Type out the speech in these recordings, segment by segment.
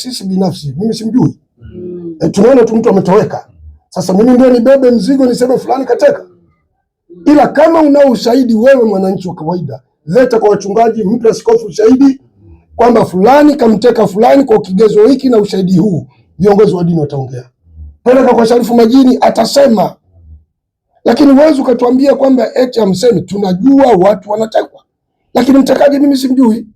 sisi binafsi, mimi simjui mm. E, tunaona tu mtu ametoweka. Sasa mimi ndio nibebe mzigo niseme fulani kateka? Ila kama unao ushahidi wewe, mwananchi wa kawaida, leta kwa wachungaji, mpe askofu ushahidi kwamba fulani kamteka fulani kwa kigezo hiki na ushahidi huu, viongozi wa dini wataongea. Peleka kwa Sharifu Majini, atasema. Lakini huwezi ukatuambia kwamba eti amsemi, tunajua watu wanatekwa, lakini mtekaji mimi simjui.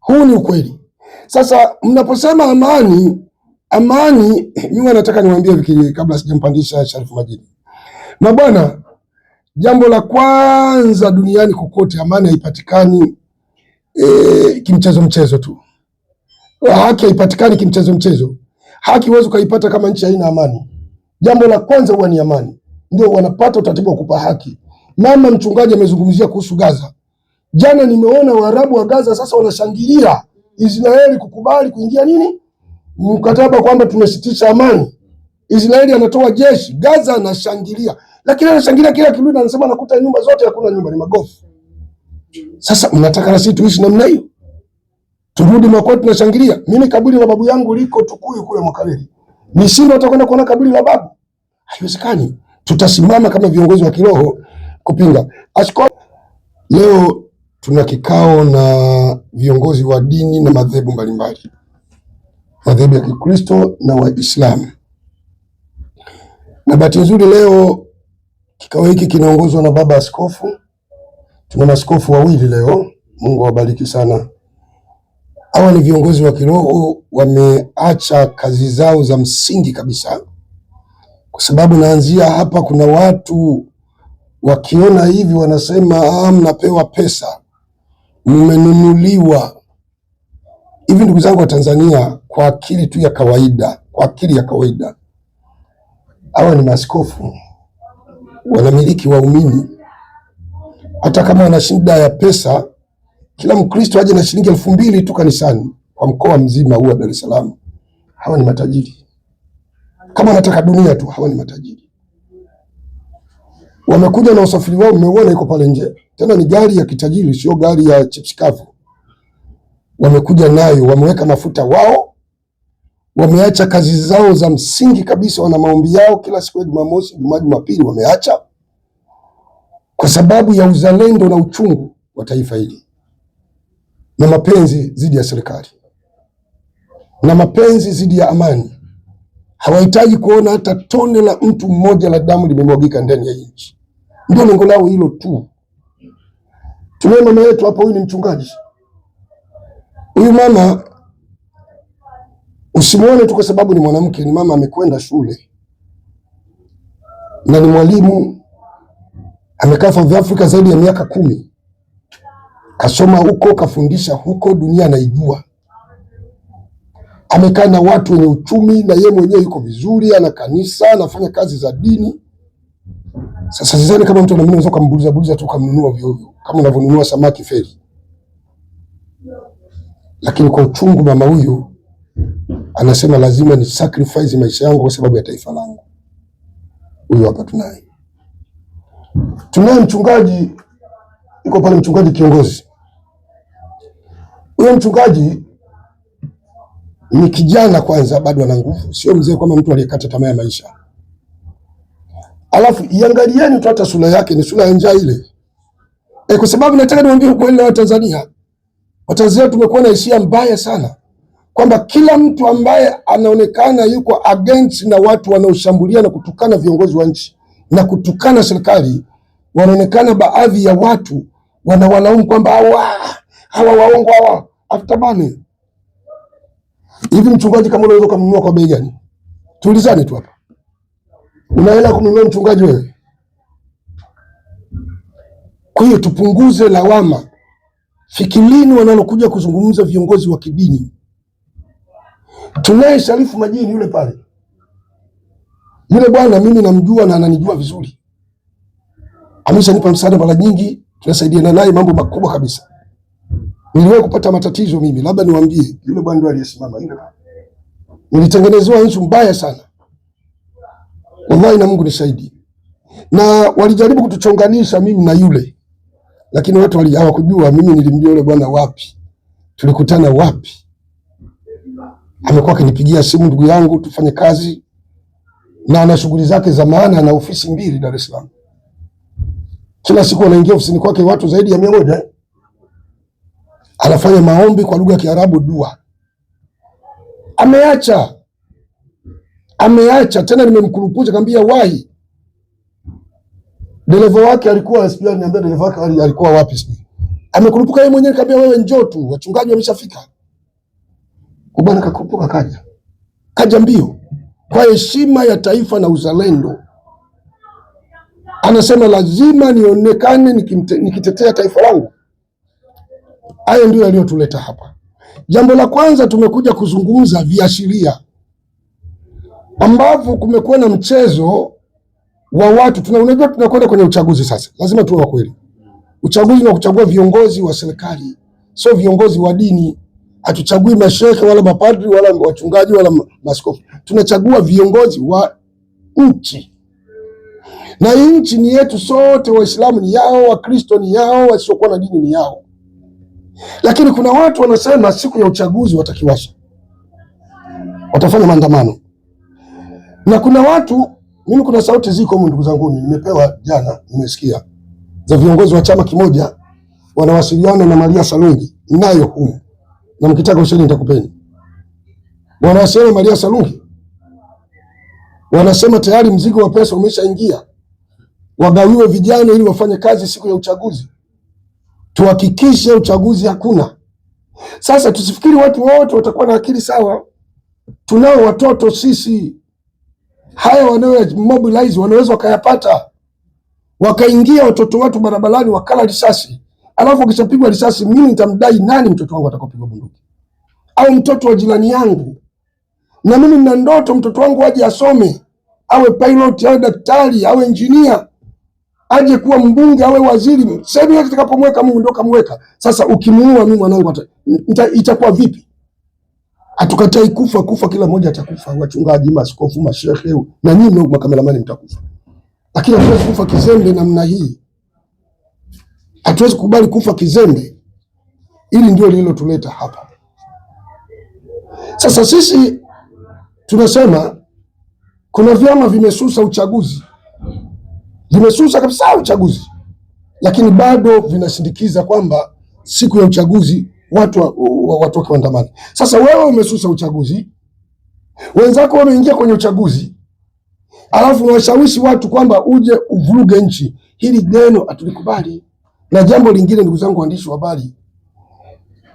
Huu ni ukweli. Sasa mnaposema amani, amani, mimi nataka niwaambie vikili kabla sijampandisha Sharifu Majini. Mabwana, jambo la kwanza duniani kokote amani haipatikani e, kimchezo mchezo tu. Haki haipatikani kimchezo mchezo. Haki huwezi ukaipata kama nchi haina amani. Jambo la kwanza huwa ni amani, ndio wanapata utaratibu wa kupa haki. Mama mchungaji amezungumzia kuhusu Gaza jana, nimeona Waarabu wa Gaza sasa wanashangilia Israeli kukubali kuingia nini mkataba kwamba tumesitisha amani. Israeli anatoa jeshi Gaza, anashangilia, lakini anashangilia kila kirudi anasema anakuta nyumba zote, hakuna nyumba, ni magofu. Sasa mnataka na sisi tuishi namna hiyo? Turudi makwetu, tunashangilia. Mimi kaburi la babu yangu liko Tukuyu kule Mwakaweli, nishindwa utakwenda kuona kaburi la babu? Haiwezekani. Tutasimama kama viongozi wa kiroho kupinga. Askofu leo tuna kikao na viongozi wa dini na madhehebu mbalimbali, madhehebu ya Kikristo na Waislamu. Na bahati nzuri leo kikao hiki kinaongozwa na baba askofu. Tuna maskofu wawili leo, Mungu awabariki sana. Hawa ni viongozi wa kiroho, wameacha kazi zao za msingi kabisa, kwa sababu naanzia hapa, kuna watu wakiona hivi wanasema ah, mnapewa pesa mmenunuliwa. Hivi ndugu zangu wa Tanzania, kwa akili tu ya kawaida, kwa akili ya kawaida, hawa ni maaskofu, wanamiliki waumini. Hata kama wana shida ya pesa, kila Mkristo aje na shilingi elfu mbili tu kanisani kwa mkoa mzima huu wa Dar es Salaam. Hawa ni matajiri, kama wanataka dunia tu, hawa ni matajiri wamekuja na usafiri wao, mmeona iko pale nje, tena ni gari ya kitajiri, sio gari ya chipsikavu. Wamekuja nayo, wameweka mafuta wao, wameacha kazi zao za msingi kabisa, wana maombi yao kila siku ya Jumamosi, Jumaa, Jumapili, wameacha kwa sababu ya uzalendo na uchungu wa taifa hili na mapenzi dhidi ya serikali na mapenzi dhidi ya amani hawahitaji kuona hata tone la mtu mmoja la damu limemwagika ndani ya nchi. Ndio lengo lao hilo tu. Tunaye mama yetu hapo, huyu ni mchungaji. Huyu mama usimuone tu kwa sababu ni mwanamke, ni mama amekwenda shule na ni mwalimu, amekaa South Africa zaidi ya miaka kumi, kasoma huko, kafundisha huko, dunia anaijua amekaa na watu wenye uchumi, na yeye mwenyewe yuko vizuri, ana kanisa, anafanya kazi za dini. Sasa sizani kama mtu anamini unaweza kumbuliza buliza tu kumnunua vyoyo kama unavyonunua samaki feri. Lakini kwa uchungu, mama huyu anasema lazima ni sacrifice maisha yangu kwa sababu ya taifa langu. Huyu hapa tunaye, tunaye mchungaji, yuko pale mchungaji kiongozi. Huyo mchungaji ni kijana kwanza, bado ana nguvu, sio mzee kama mtu aliyekata tamaa ya maisha. Alafu iangalieni tu, hata sura yake ni sura ya njaa ile e, kwa sababu nataka niwaambie ukweli na Watanzania. Watanzania tumekuwa na hisia mbaya sana kwamba kila mtu ambaye anaonekana yuko against na watu wanaoshambulia na kutukana viongozi wa nchi na kutukana serikali, wanaonekana baadhi ya watu wanawalaumu kwamba hawa hawa waongo hawa aftabane Hivi mchungaji kama unaweza kumnunua kwa bei gani? Tuulizane tu hapa. Una hela kumnunua mchungaji wewe? Kwa hiyo tupunguze lawama. Fikirini wanalokuja kuzungumza viongozi wa kidini. Tunaye Sharifu Majini yule pale, yule bwana mimi namjua na ananijua vizuri, nipa msaada mara nyingi, tunasaidiana naye mambo makubwa kabisa. Niliwahi kupata matatizo mimi, labda niwaambie, yule bwana ndo aliyesimama yule. Nilitengenezewa nchi mbaya sana, wallahi, na Mungu nisaidie. Na walijaribu kutuchonganisha mimi na yule, lakini watu wali hawakujua mimi nilimjua yule bwana wapi, tulikutana wapi. Amekuwa akinipigia simu, ndugu yangu, tufanye kazi, na ana shughuli zake za maana, na ofisi mbili Dar es Salaam. Kila siku anaingia ofisini kwake watu zaidi ya mia moja eh anafanya maombi kwa lugha ya Kiarabu, dua. Ameacha, ameacha tena. Nimemkurupucha kaambia wahi, dereva wake alikuwa sijui, niambia dereva wake alikuwa wapi sijui, amekurupuka yeye mwenyewe, kambia wewe njoo tu, wachungaji wameshafika. Bwana kakurupuka, kaja, kaja mbio kwa heshima ya taifa na uzalendo. Anasema lazima nionekane nikitetea taifa langu Hayo ndio yaliyotuleta hapa. Jambo la kwanza, tumekuja kuzungumza viashiria ambavyo kumekuwa na mchezo wa watu. Tunajua tunakwenda kwenye uchaguzi sasa, lazima tuwe wa kweli. Uchaguzi wa kuchagua viongozi wa serikali, sio viongozi wa dini. Hatuchagui mashehe wala mapadri wala wachungaji wala maskofu, tunachagua viongozi wa nchi, na nchi ni yetu sote. Waislamu ni yao, Wakristo ni yao, wasiokuwa na dini ni yao. Lakini kuna watu wanasema siku ya uchaguzi watakiwasha, watafanya maandamano, na kuna watu mimi, kuna sauti ziko huko, ndugu zangu, nimepewa jana, nimesikia za viongozi wa chama kimoja wanawasiliana na Maria Sarungi, nayo humu, na mkitaka ushahidi nitakupeni. Wanawasiliana Maria Sarungi, wanasema tayari mzigo wa pesa umeshaingia, wagawiwe vijana ili wafanye kazi siku ya uchaguzi tuhakikishe uchaguzi hakuna. Sasa tusifikiri watu wote watakuwa na akili sawa. Tunao watoto sisi, haya wanayomobilize wanaweza wakayapata, wakaingia watoto watu barabarani wakala risasi, alafu wakishapigwa risasi, mimi nitamdai nani mtoto wangu atakapigwa bunduki au mtoto wa jirani yangu? Na mimi nina ndoto mtoto wangu aje asome, awe pilot, awe daktari, awe engineer aje kuwa mbunge, awe waziri, sehemu yote tutakapomweka Mungu ndio kamweka. Sasa ukimuua mimi mwanangu, itakuwa vipi? Atukatai kufa, kufa kila mmoja atakufa, wachungaji, maskofu, mashehe na nyinyi ndio makameramani mtakufa, lakini hatuwezi kufa kizembe namna hii. Hatuwezi kukubali kufa kizembe. Ili ndio lililotuleta hapa. Sasa sisi tunasema kuna vyama vimesusa uchaguzi vimesusa kabisa uchaguzi, lakini bado vinasindikiza kwamba siku ya uchaguzi watu watoke waandamani. Sasa wewe umesusa uchaguzi, wenzako wameingia kwenye uchaguzi, alafu unawashawishi watu kwamba uje uvuruge nchi. Hili neno hatulikubali. Na jambo lingine, ndugu zangu waandishi wa habari,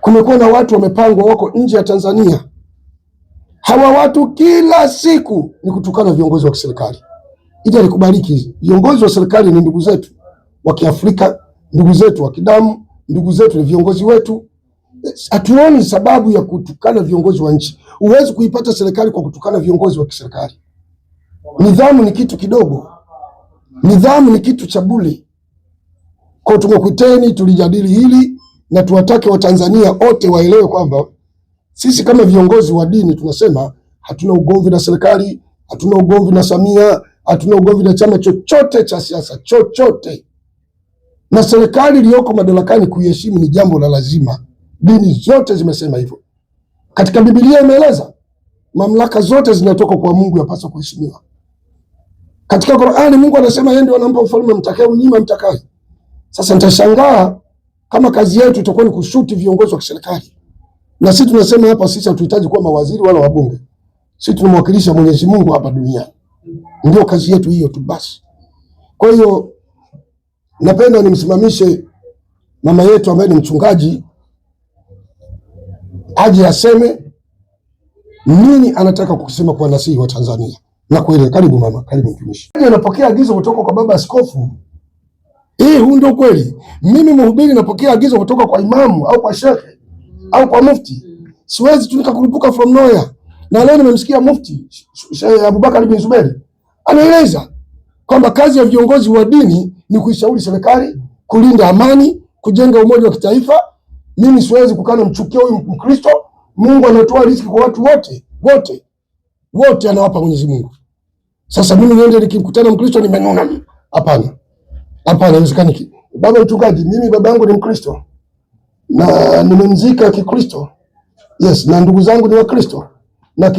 kumekuwa na watu wamepangwa wako nje ya Tanzania. Hawa watu kila siku ni kutukana viongozi wa kiserikali ili alikubariki. Viongozi wa serikali ni ndugu zetu wa Kiafrika, ndugu zetu wa kidamu, ndugu zetu ni viongozi wetu. Hatuoni sababu ya kutukana viongozi wa nchi. Huwezi kuipata serikali kwa kutukana viongozi wa kiserikali. Nidhamu ni kitu kidogo, nidhamu ni kitu cha bure. Kwa tumekuteni, tulijadili hili na tuwatake Watanzania wote waelewe kwamba sisi kama viongozi wa dini tunasema hatuna ugomvi na serikali, hatuna ugomvi na Samia, hatuna ugomvi na chama chochote cha siasa chochote, na serikali iliyoko madarakani kuiheshimu ni jambo la lazima. Dini zote zimesema hivyo, katika Biblia imeeleza mamlaka zote zinatoka kwa Mungu, yapaswa kuheshimiwa. Katika Qur'ani Mungu anasema yeye ndiye anampa ufalme mtakaye, unyima mtakaye. Sasa nitashangaa kama kazi yetu itakuwa ni kushuti viongozi wa kiserikali, na sisi tunasema hapa, sisi hatuhitaji kuwa mawaziri wala wabunge. Sisi tunamwakilisha Mwenyezi Mungu hapa duniani. Ndio kazi yetu hiyo tu basi. Kwa hiyo napenda nimsimamishe mama yetu ambaye ni mchungaji aje aseme nini anataka kukisema kwa nasihi wa Tanzania na kweli. Karibu mama, karibu mtumishi. Anapokea agizo kutoka kwa baba askofu. Hii eh, huu ndio kweli. Mimi mhubiri napokea agizo kutoka kwa imamu au kwa shekhe au kwa mufti. Siwezi tu nikakurupuka from nowhere. Na leo nimemsikia mufti Sheikh Abubakar bin Zuberi Anaeleza kwamba kazi ya viongozi wa dini ni kuishauri serikali, kulinda amani, kujenga umoja wa kitaifa. Mimi siwezi kukaa na mchukia huyu Mkristo. Mungu anatoa riziki kwa watu wote wote wote, anawapa Mwenyezi Mungu. Sasa mimi niende nikimkutana Mkristo nimenuna Hapana, hapana, haiwezekani. Baba mchungaji, mimi baba yangu ni Mkristo na nimemzika Kikristo, yes, na ndugu zangu ni Wakristo na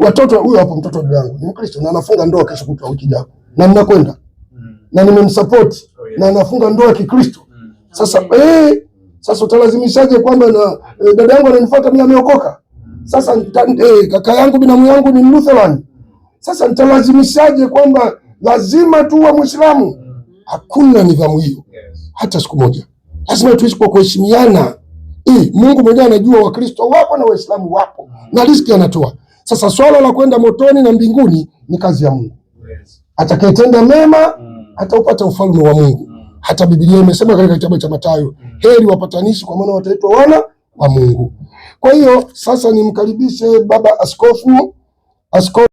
watoto. Huyo hapo mtoto wangu ni Mkristo na anafunga ndoa kesho kutwa wiki ijayo, na ninakwenda mm. na nimemsupport oh, na anafunga ndoa Kikristo mm. Sasa eh, sasa utalazimishaje kwamba na eh, dada yangu ananifuata mimi ameokoka mm. sasa eh, kaka yangu binamu yangu ni Lutheran. Sasa nitalazimishaje kwamba lazima tu wa Muislamu? Hakuna nidhamu hiyo hata siku moja. Lazima tuishi kwa kuheshimiana I, e, Mungu mwenyewe anajua Wakristo wapo na Waislamu wapo na riski anatoa. Sasa swala la kwenda motoni na mbinguni ni kazi ya Mungu. Atakayetenda mema mm. ataupata ufalme wa Mungu. Mm. Hata Biblia imesema katika kitabu cha Mathayo, mm. heri wapatanishi, kwa maana wataitwa wana wa Mungu. Kwa hiyo sasa nimkaribishe baba askofu askofu